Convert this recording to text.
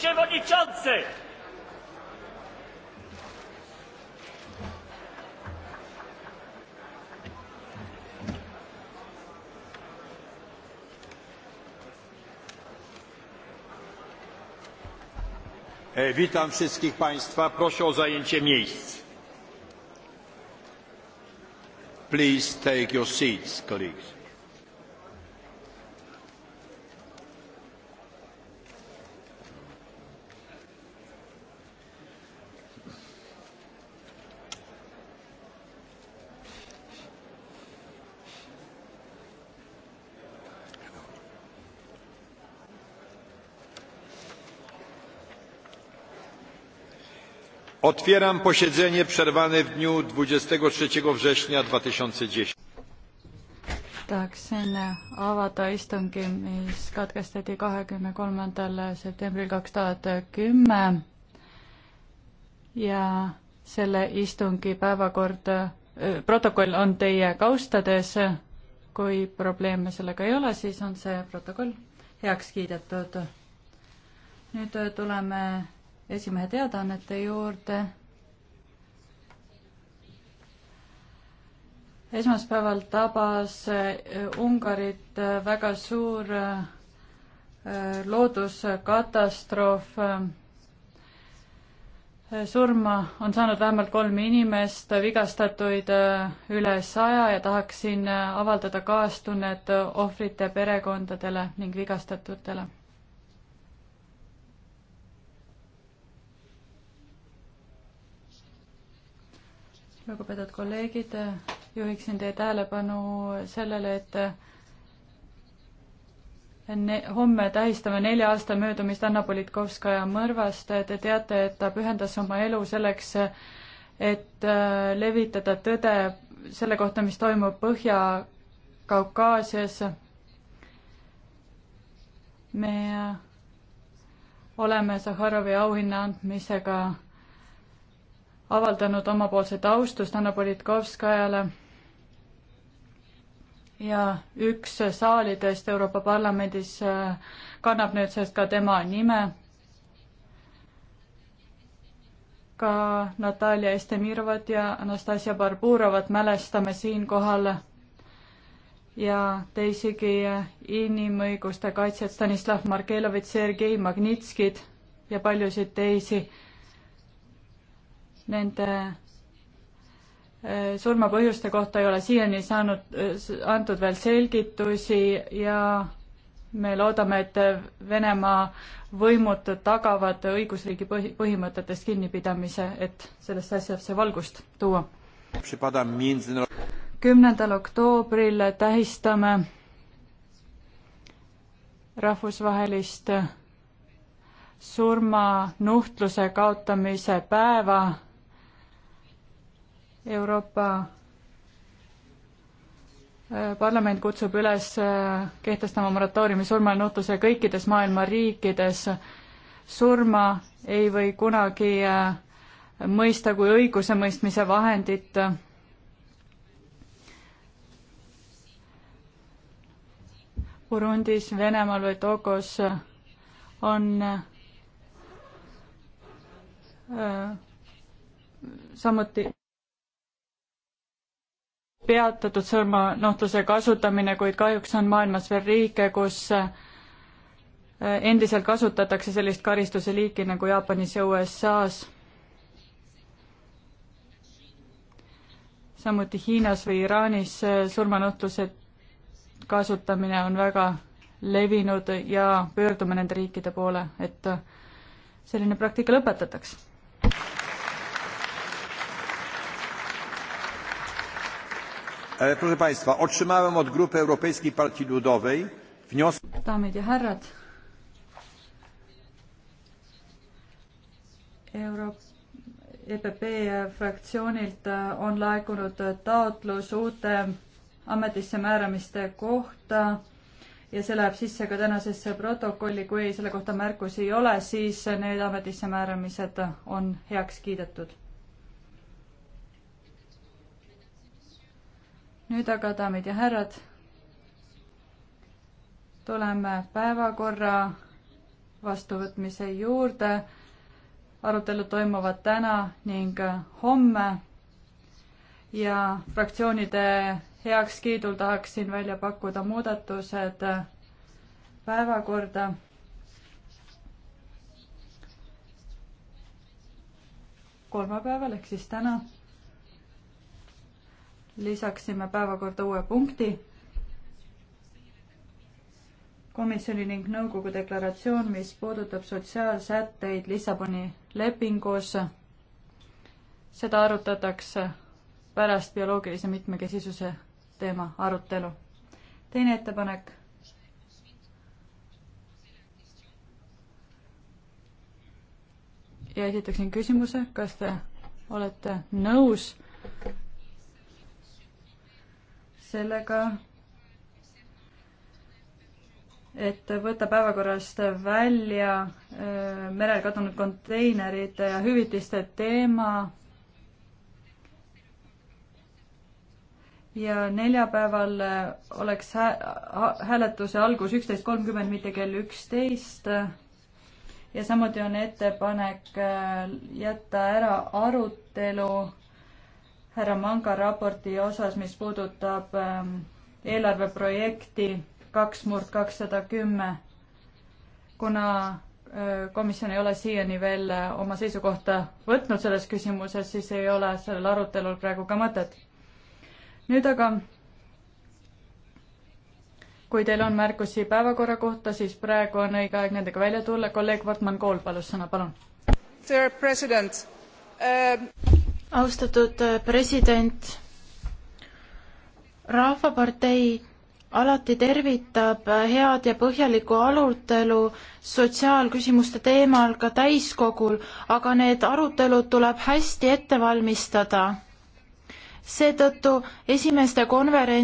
przewodniczący! E, witam wszystkich Państwa. Proszę o zajęcie miejsc. Please take your seats, colleagues. otwieram posiedzenie przerwane w dniu dwadzieścia trzy września dwa tysiące dziesięć tahaksin avada istungi, mis katkestati kahekümne kolmandal septembril kaks tuhat kümme ja selle istungi päevakord, äh, protokoll on teie kaustades. kui probleeme sellega ei ole, siis on see protokoll heaks kiidetud. nüüd äh, tuleme esimehe teadaannete juurde. esmaspäeval tabas äh, Ungarit äh, väga suur äh, looduskatastroof. surma on saanud vähemalt kolm inimest, vigastatuid üle saja ja tahaksin avaldada kaastunnet ohvrite perekondadele ning vigastatutele lugupeetud kolleegid, juhiksin teie tähelepanu sellele, et enne, homme tähistame nelja aasta möödumist Anna Politkovskaja mõrvast. Te teate, et ta pühendas oma elu selleks, et äh, levitada tõde selle kohta, mis toimub Põhja-Kaukaasias. me oleme Sahharovi auhinna andmisega avaldanud omapoolset austust Anna Politkovskajale ja üks saalidest Euroopa Parlamendis äh, kannab nüüd sellest ka tema nime. ka Natalja Estemirovat ja Anastasia Barburovat mälestame siinkohal ja teisigi inimõiguste kaitsjad Stanislav Markelovit, Sergei Magnitskid ja paljusid teisi nende äh, surmapõhjuste kohta ei ole siiani saanud, äh, antud veel selgitusi ja me loodame, et Venemaa võimud tagavad õigusriigi põhi, põhimõtetest kinnipidamise, et sellesse asjasse valgust tuua. kümnendal oktoobril tähistame rahvusvahelist surmanuhtluse kaotamise päeva Euroopa äh, parlament kutsub üles äh, kehtestama moratooriumi surmanutluse kõikides maailma riikides. surma ei või kunagi äh, mõista kui õigusemõistmise vahendit. Burundis, Venemaal või Togos on samuti peatatud surmanuhtluse kasutamine, kuid kahjuks on maailmas veel riike, kus eh, endiselt kasutatakse sellist karistuse liiki nagu Jaapanis ja USA-s. samuti Hiinas või Iraanis eh, surmanuhtluse kasutamine on väga levinud ja pöördume nende riikide poole, et eh, selline praktika lõpetataks proszę państwa otrzymałem od grupy europejskiej partii ludowej wniosek Euro... EPP fraktsioonilt äh, on laekunud äh, taotlus uute ametisse määramiste kohta ja see läheb sisse ka tänasesse protokolli, kui selle kohta märkusi ei ole, siis need ametisse määramised on heaks kiidetud nüüd aga, daamid ja härrad, tuleme päevakorra vastuvõtmise juurde. arutelud toimuvad täna ning homme ja fraktsioonide heakskiidul tahaksin välja pakkuda muudatused päevakorda. kolmapäeval ehk siis täna lisaksime päevakorda uue punkti. komisjoni ning nõukogu deklaratsioon, mis puudutab sotsiaalsätteid Lissaboni lepingus. seda arutatakse pärast bioloogilise mitmekesisuse teema arutelu. teine ettepanek ja esitaksin küsimuse, kas te olete nõus sellega, et võtta päevakorrast välja äh, merel kadunud konteinerite ja hüvitiste teema. ja neljapäeval äh, oleks hääletuse algus üksteist kolmkümmend, mitte kell üksteist ja samuti on ettepanek äh, jätta ära arutelu härra Manga raporti osas, mis puudutab ähm, eelarveprojekti kaks murd kakssada kümme. kuna äh, komisjon ei ole siiani veel äh, oma seisukohta võtnud selles küsimuses, siis ei ole sellel arutelul praegu ka mõtet. nüüd aga, kui teil on märkusi päevakorra kohta, siis praegu on õige aeg nendega välja tulla. kolleeg Wortmann Kool palus sõna, palun. Dear president uh... Ähm austatud äh, president, Rahvapartei alati tervitab äh, head ja põhjalikku arutelu sotsiaalküsimuste teemal ka täiskogul, aga need arutelud tuleb hästi ette valmistada. seetõttu esimeste konverents